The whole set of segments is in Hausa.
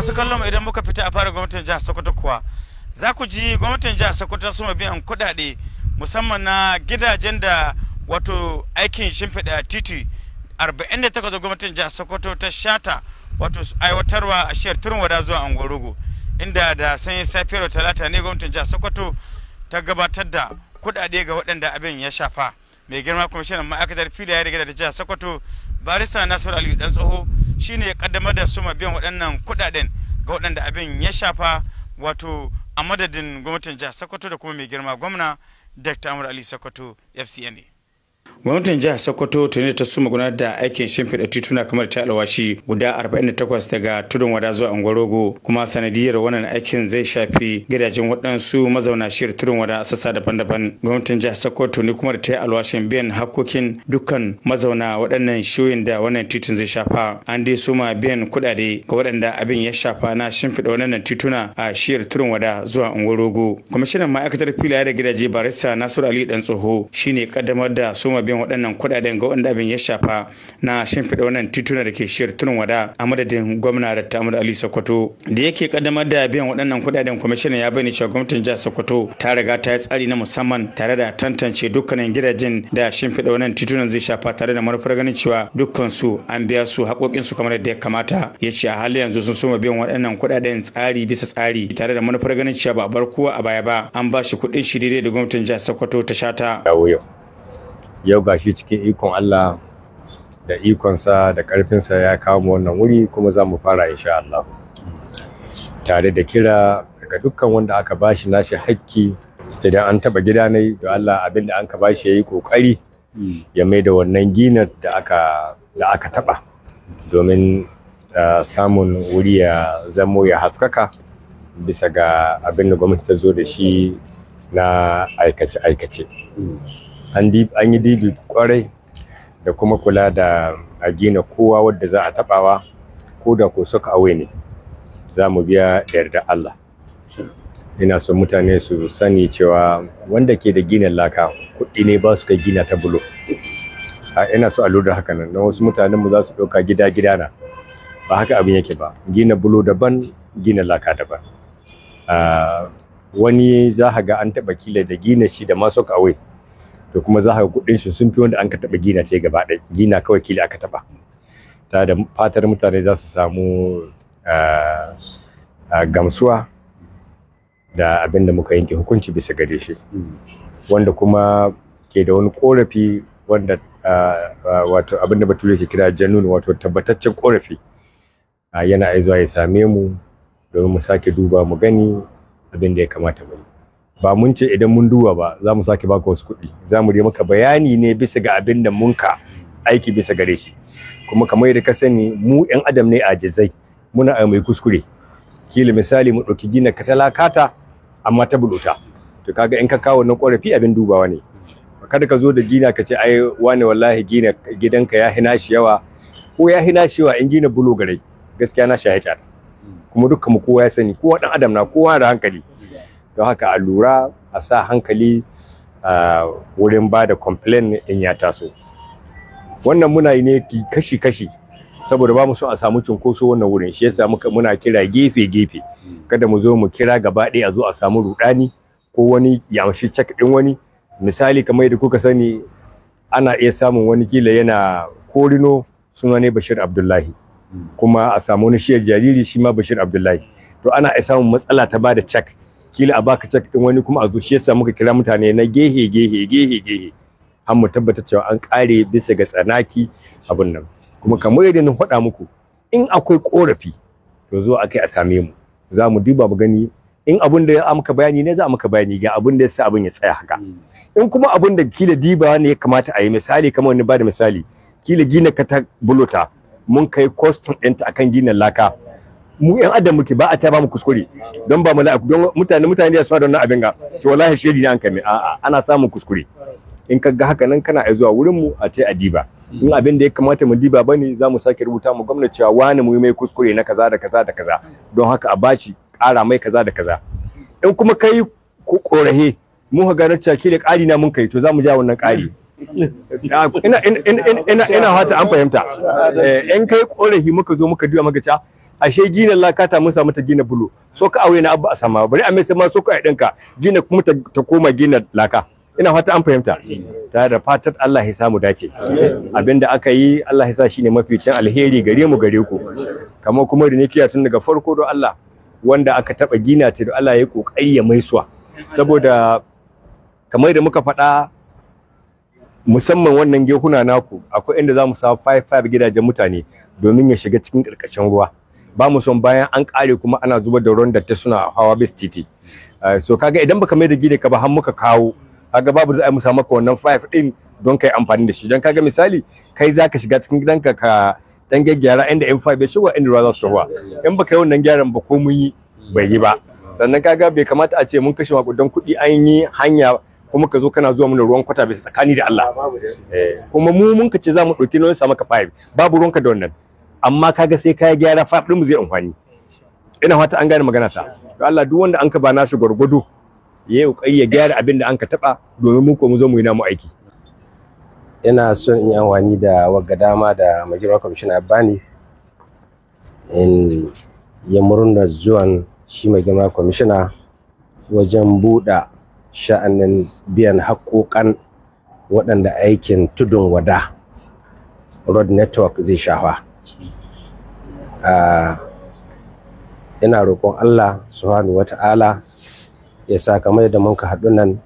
masu kallon mu idan muka fita a fara gwamnatin jihar sokoto kuwa za ku ji gwamnatin jihar sokoto su ma biyan kuɗaɗe musamman na gidajen da wato aikin shimfiɗa titi 48 da gwamnatin jihar sokoto ta shata wato aiwatarwa a shiyar turin wada zuwa angorogo inda da sanyin safiyar talata ne gwamnatin jihar sokoto ta gabatar da kuɗaɗe ga waɗanda abin ya shafa mai girma kuma kwamishinan ma'aikatar filaye da gidajen jihar sokoto barista nasiru aliyu dan tsoho shine ya kaddamar da suma biyan waɗannan kuɗaɗen ga waɗanda abin ya shafa wato a madadin gwamnatin jihar sokoto da kuma mai girma gwamna dr amur ali sokoto fcna gwamnatin jihar sokoto tuni ta suma gudanar da aikin shimfiɗa tituna kamar ta alwashi guda 48 daga tudun wada zuwa angwarogo kuma sanadiyar wannan aikin zai shafi gidajen waɗansu mazauna shirin tudun wada a sassa daban-daban gwamnatin jihar sokoto ne kuma da ta yi alwashin biyan hakkokin dukkan mazauna waɗannan shiyoyin da wannan titin zai shafa an dai suma biyan kuɗaɗe ga waɗanda abin ya shafa na shimfiɗa wannan tituna a shirin tudun wada zuwa angwarogo kwamishinan ma'aikatar filaye da gidaje barista nasiru ali dan tsoho shine kaddamar da suma gama biyan waɗannan kuɗaɗen ga wanda abin ya shafa na shimfiɗa wannan tituna da ke shiyar tunan wada a madadin gwamna da tamar ali sokoto da yake kaddamar da biyan waɗannan kuɗaɗen kwamishinan ya bayyana cewa gwamnatin jihar sokoto ta riga ta yi tsari na musamman tare da tantance dukkanin gidajen da shimfiɗa wannan titunan zai shafa tare da manufar ganin cewa dukkansu an biya su haƙoƙinsu kamar yadda ya kamata ya ce a halin yanzu sun soma biyan waɗannan kuɗaɗen tsari bisa tsari tare da manufar ganin cewa ba a bar kowa a baya ba an ba shi kuɗin shi daidai da gwamnatin jihar sokoto ta shata. yau gashi cikin ikon Allah da ikonsa da ƙarfinsa ya kawo mu wannan wuri kuma za mu fara insha Allah tare da kira daga dukkan wanda aka bashi nashi hakki idan an taba gida ne da Allah abin da an ka bashi yayi kokari ya mai da wannan ginar da aka da aka taba domin eh, samun wuri ya zamo ya haskaka bisa ga abin da gwamnati ta zo da shi na aikace-aikace. an yi dibi kwarai da kuma kula da a gina kowa wadda za a tabawa ko da ko suka awe ne za mu biya yarda Allah ina son mutane su sani cewa wanda ke da gina laka kuɗi ne ba su ka gina ta bulo a ina so a lura haka nan na wasu mutanenmu za su ɗauka gida gida na ba haka abin yake ba gina bulo daban gina laka daban wani za ga an taɓa kila da gina shi da masu kawai to kuma za ka kuɗin shi sun fi wanda an ka taba gina ce gaba ɗaya gina kawai kila aka taɓa ta da fatar mutane za su samu ah, ah, gamsuwa da abin da muka yanke hukunci bisa gare shi wanda kuma ke da wani korafi wanda ah, wato abin da bature ke kira janun wato tabbataccen korafi yana aizuwa ya same mu domin mu sake duba mu gani abin da ya kamata mu yi ba mun ce idan mun duba ba za mu sake baka wasu kuɗi za mu yi maka bayani ne bisa ga abin da mun ka aiki bisa gare shi kuma kamar yadda ka sani mu yan adam ne a jizai muna a mai kuskure kila misali mu ɗauki gina ka talakata amma ta buɗuta. to kaga in ka kawo na ƙorafi abin dubawa ne kada ka zo da gina ka ce ai wani wallahi gina gidanka ya hina shi yawa ko ya hina shi yawa in gina bulo gare gaskiya na shaye ta kuma dukkan mu kowa ya sani kowa dan adam na kowa da hankali don haka a lura a sa hankali a wurin ba da complain in ya taso wannan muna yi ne kashi-kashi saboda ba mu so a samu cunkoso wannan wurin shi yasa muka muna kira gefe-gefe hmm. kada mu zo mu kira gaba ɗaya a zo a samu rudani ko wani yamshi cak ɗin wani misali kamar yadda kuka sani ana iya samun wani kila yana korino suna ne bashir abdullahi hmm. kuma a samu wani shiyar jariri shi ma bashir abdullahi to ana iya samun matsala ta bada da cak kila a baka check din wani kuma a zo shi yasa muka kira mutane na gehe gehe gehe gehe har mu tabbata cewa an kare bisa ga tsanaki abin nan kuma kamar yadda na faɗa muku in akwai korafi to zo akai a same mu za mu duba mu gani in abun da ya maka bayani ne za maka bayani ga abun da yasa abun ya tsaya haka in kuma abun da kila diba ne ya kamata a yi misali kamar wani ba da misali kila gina ka ta bulota mun kai costin ɗinta akan gina laka mu yan adam muke ba a ta ba mu kuskure don ba mala'iku don mutane mutane ya suna da wannan abin ga ce wallahi shedi ne an kame a'a ana samun kuskure in ka ga haka nan kana zuwa wurin mu a ce a diba in abin da ya kamata mu diba bane za mu sake rubuta mu gwamnati cewa wani mu mai kuskure na kaza da kaza da kaza don haka a bashi ƙara mai kaza da kaza in kuma kai ku korahe mun ga na caki da ƙari na mun kai to za mu ja wannan ƙari ina ina ina ina fata an fahimta eh, in kai korahi muka zo muka duba muka cewa. ashe gina laka ta mun samu ta gina bulo so ka aure na abu a sama bari a mai ma so ka ɗinka gina kuma ta koma gina laka ina fata an fahimta tare da fatar Allah ya samu dace abinda aka yi Allah ya sa shine mafi cin alheri gare mu gare ku kamar kuma rinikiya tun daga farko don Allah wanda aka taba gina ta don Allah ya kokari ya maisuwa saboda kamar da muka faɗa musamman wannan gehuna naku akwai inda zamu mu sa 5 gidajen mutane domin ya shiga cikin ƙarƙashin ruwa ba mu son bayan an kare kuma ana zubar da ruwan da ta suna hawa bis titi eh, so kaga idan baka mai da gine ka ba har muka kawo kaga babu za a musa maka wannan five din don kai amfani da shi don kaga misali kai zaka shiga cikin gidanka ka dan gyaggyara inda in five bai shigo inda ruwa za su ruwa in baka yi wannan gyaran ba ko mun yi bai yi ba sannan kaga bai kamata a ce mun kashe makudan kuɗi an yi hanya kuma ka zo kana zuwa mana ruwan kwata bai tsakani da Allah eh, kuma mu mun ka ce za mu ɗauki nauyin sa maka five babu ruwanka da wannan amma kaga sai ka gyara faɗin mu zai amfani ina fata an gane magana ta to Allah duk wanda an ka ba nashi gwargwado ya yi ya gyara abin da an ka taɓa domin mu ko mu zo mu yi namu aiki ina son in yi amfani da wagga dama da majalisar kwamishina bani in ya murna zuwan shi mai girma wajen buɗa sha'anin biyan haƙoƙan waɗanda aikin tudun wada road network zai shafa ina roƙon Allah subhanahu wata'ala ya sa kamar da mun ka haɗu nan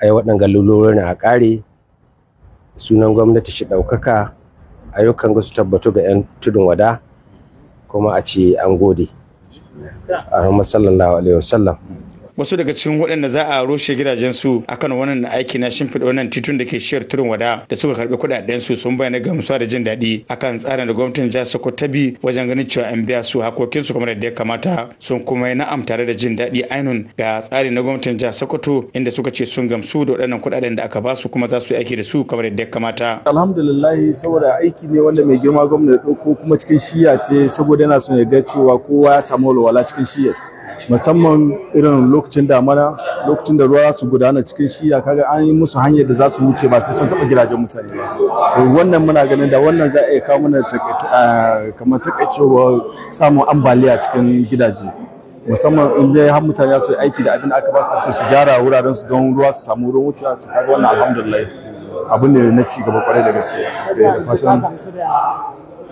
ai waɗanga lulurin a ƙare sunan gwamnati shi ɗaukaka ayyukan gasu su tabbatu ga 'yan tudun wada kuma a ce an gode a sallallahu alaihi wasallam wasu daga cikin waɗanda za a rushe gidajensu akan wannan aiki na shimfiɗa wannan titun da ke shiyar turin wada da suka karɓi kuɗaɗen su sun bayyana gamsuwa da jin daɗi akan tsarin da gwamnatin jihar Sokoto ta bi wajen ganin cewa an biya su hakokinsu kamar da ya kamata sun kuma yi na'am tare da jin daɗi ainun ga tsarin na gwamnatin jihar Sokoto inda suka ce sun gamsu da waɗannan kuɗaɗen da aka ba su kuma za su yi aiki da su kamar da ya kamata. Alhamdulillah saboda aiki ne wanda mai girma gwamna ya ɗauko kuma cikin shiya ce saboda yana son ya ga cewa kowa ya samu walwala cikin shiya. musamman irin lokacin damana lokacin da ruwa su gudana cikin shiya kaga an yi musu hanyar da za su wuce ba sai sun taɓa gidajen mutane ba to wannan muna ganin da wannan za a iya kawo mana ah, kamar takaicewa samun ambaliya cikin gidaje musamman in dai har mutane su aiki da abin da aka ba su su gyara wuraren su don ruwa su samu ruwan wucewa to kaga wannan alhamdulillah abu ne na ci gaba kwarai da gaske eh,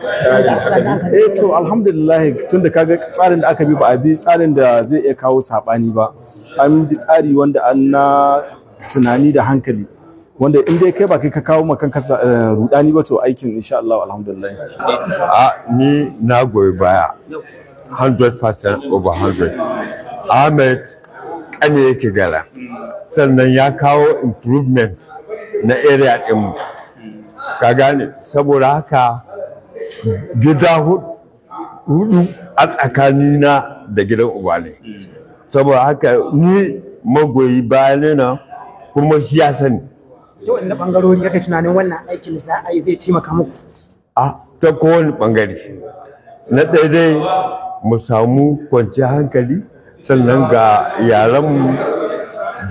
eh to alhamdulillah tunda da kaga tsarin da aka bi ba a bi tsarin da zai iya kawo sabani ba an bi tsari wanda an na tunani da hankali wanda in dai kai ba kai ka kawo ma kanka eh, rudani ba to aikin insha Allah alhamdulillah a ni na goyi baya 100% over 100 Ahmed kane yake gara sannan ya kawo improvement na area din ka gane saboda haka gida hudu a tsakanina da gidan uba ne saboda haka ni magoyi bayane nan kuma shi ya sani ta wani bangarori kake tunanin wannan aikin za a yi zai taimaka muku a ta kowane bangare na ɗaya dai mu samu kwanciyar hankali sannan ga yaranmu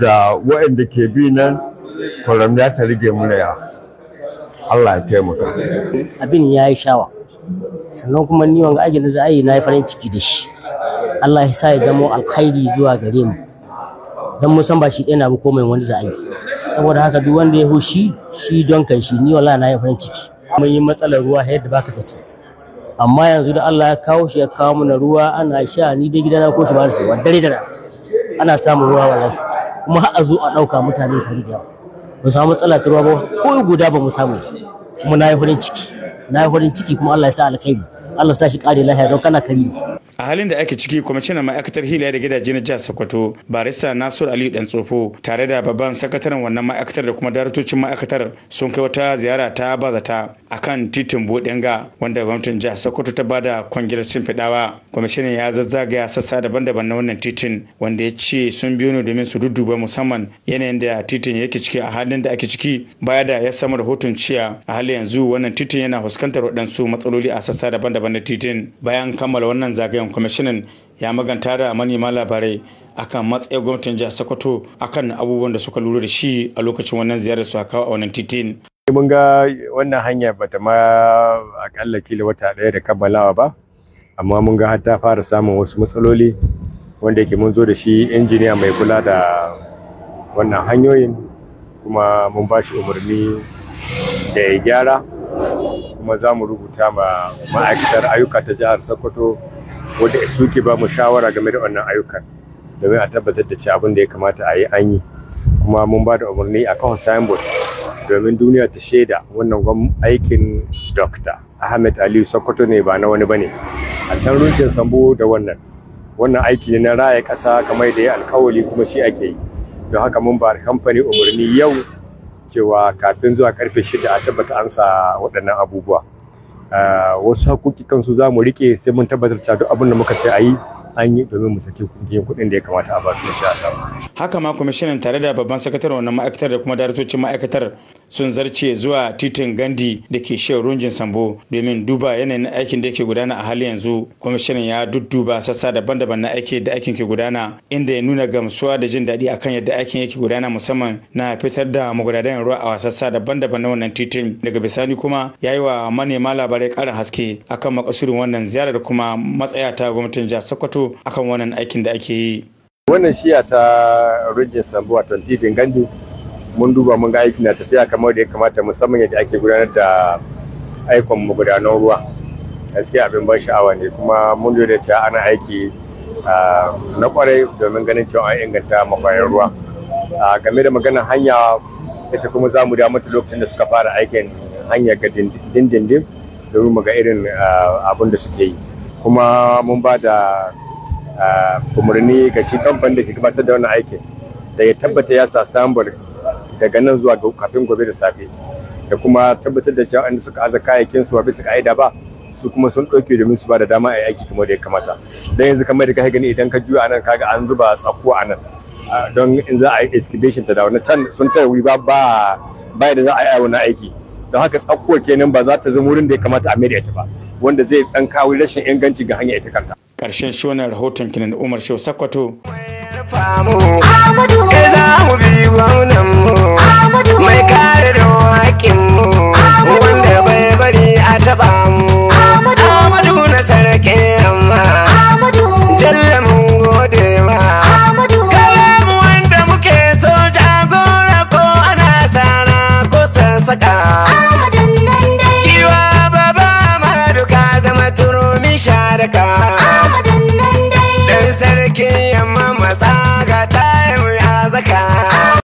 da waɗanda ke bi nan kwaramya ta rige mu yawa Allah ya taimaka abin ya yi shawa sannan kuma ni wanga aikin da za a na yi farin ciki da shi Allah ya sa ya zama alkhairi zuwa gare mu dan mu san ba shi ɗaya na ba komai wani za yi saboda haka duk wanda ya hushi shi don kan shi ni wallahi na yi farin ciki mun yi matsalar ruwa yadda baka zato amma yanzu da Allah ya kawo shi ya kawo mana ruwa ana sha ni dai gidana ko shi ba da sai dare dare ana samun ruwa wallahi kuma har a zo a ɗauka mutane su rijiya. mu samu matsala ta ruwa ba ko guda ba mu samu kuma na yi hurin ciki na yi hurin ciki kuma Allah ya sa alkhairi Allah sa kare lahiya don kana kari a halin da ake ciki kwamishinan ma'aikatar hila da gidaje na jihar sokoto barista nasiru aliyu dan tsofo tare da babban sakataren wannan ma'aikatar da kuma daratocin ma'aikatar sun kai wata ziyara ta bazata akan titin bodenga wanda gwamnatin jihar sokoto ta bada kwangilar fidawa kwamishinan ya zazzagaya sassa daban-daban na wannan titin wanda ya ce sun biyo ne domin su dudduba musamman yanayin da titin yake ciki a halin da ake ciki baya da ya samu rahoton ciya a halin yanzu wannan titin yana fuskantar waɗansu matsaloli a sassa daban-daban daban na titin bayan kammala wannan zagayen kwamishinan ya maganta da manema labarai akan matsayin gwamnatin jihar sokoto akan abubuwan da suka lura da shi a lokacin wannan ziyarar su a wannan titin eh, mun ga wannan hanya bata ma akalla kila wata daya da kammalawa ba amma mun ga har ta fara samun wasu matsaloli wanda yake mun zo da shi injiniya mai kula da wannan hanyoyin kuma mun ba shi umarni da ya gyara kuma za mu rubuta ma ma'aikatar ayyuka ta jihar sokoto wadda suke ba mu shawara game da wannan ayyukan domin a tabbatar da cewa abin da ya kamata a yi an yi kuma mun ba da umarni a kan signboard domin duniya ta shaida wannan gwam aikin dokta ahmed aliyu sokoto ne ba na wani bane a can rukin sambo da wannan wannan aiki ne na raya kasa kamar da ya alkawali kuma shi ake yi don haka mun ba kamfani umarni yau cewa kafin zuwa karfe shida a tabbata an sa waɗannan abubuwa ah, wasu hakuki kansu za mu riƙe sai mun tabbatar cewa duk abin da muka ce a yi an yi domin mu saki kuɗin da ya kamata a basu insha Allah. Haka ma kwamishinan tare da babban sakataren wannan ma'aikatar da kuma daraktocin ma'aikatar sun zarce zuwa titin Gandi da ke shehu runjin Sambo domin duba yanayin aikin da yake gudana a hali yanzu. Kwamishinan ya dudduba sassa daban-daban na aiki da aikin ke gudana inda ya nuna gamsuwa da jin daɗi akan yadda aikin yake gudana musamman na fitar da magudanan ruwa a sassa daban-daban na wannan titin. Daga bisani kuma ya yi wa manema labarai ƙarin haske akan makasurin wannan ziyarar kuma matsaya ta gwamnatin jihar Sokoto akan wannan aikin da ake yi. Wannan shiya ta Rijin Sambo wato titin Gandu mun duba mun ga aikin na tafiya kamar da ya kamata musamman yadda ake gudanar da aikon magudanan ruwa. Gaskiya abin ban sha'awa ne kuma mun lura da ana aiki na kwarai domin ganin cewa an inganta makwayan ruwa. a Game da maganar hanya ita kuma za mu da mata lokacin da suka fara aikin hanya ga dindindin domin mu ga irin abin da suke yi kuma mun ba da umarni ga shi kamfanin da ke gabatar da wannan aikin da ya tabbata ya sa sambar daga nan zuwa kafin gobe da safe da kuma tabbatar da cewa inda suka aza kayayyakin su ba bisa ka'ida ba su kuma sun ɗauke domin su ba da dama a aiki kamar da ya kamata don yanzu kamar da ka gani idan ka juya anan kaga an zuba tsakuwa anan don in za a yi excavation ta da wani can sun tarwi ba ba da za a yi wani aiki don haka tsakuwa kenan ba za ta zama wurin da ya kamata a mai da ita ba wanda zai ɗan kawo rashin inganci ga hanyar ita kanta ƙarshen shi wannan rahoton kinan umar shehu sakwato mai kare da mu wanda bai bari a taba